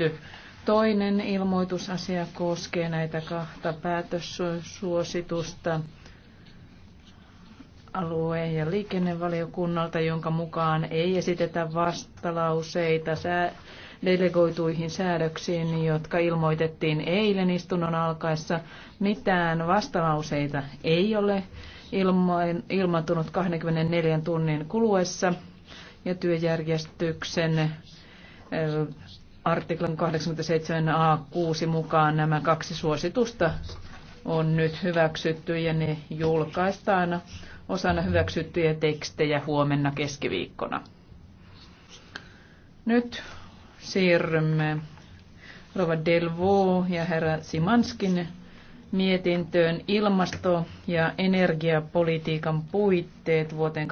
hyväksytty. Toinen ilmoitusasia koskee näitä kahta päätössuositusta alueen ja liikennevaliokunnalta, jonka mukaan ei esitetä vastalauseita delegoituihin säädöksiin, jotka ilmoitettiin eilen istunnon alkaessa. Mitään vastalauseita ei ole ilmaantunut 24 tunnin kuluessa ja työjärjestyksen artiklan 87a6 mukaan nämä kaksi suositusta on nyt hyväksytty ja ne julkaistaan osana hyväksyttyjä tekstejä huomenna keskiviikkona. Nyt siirrymme Rova Delvo ja herra Simanskin mietintöön ilmasto- ja energiapolitiikan puitteet vuoteen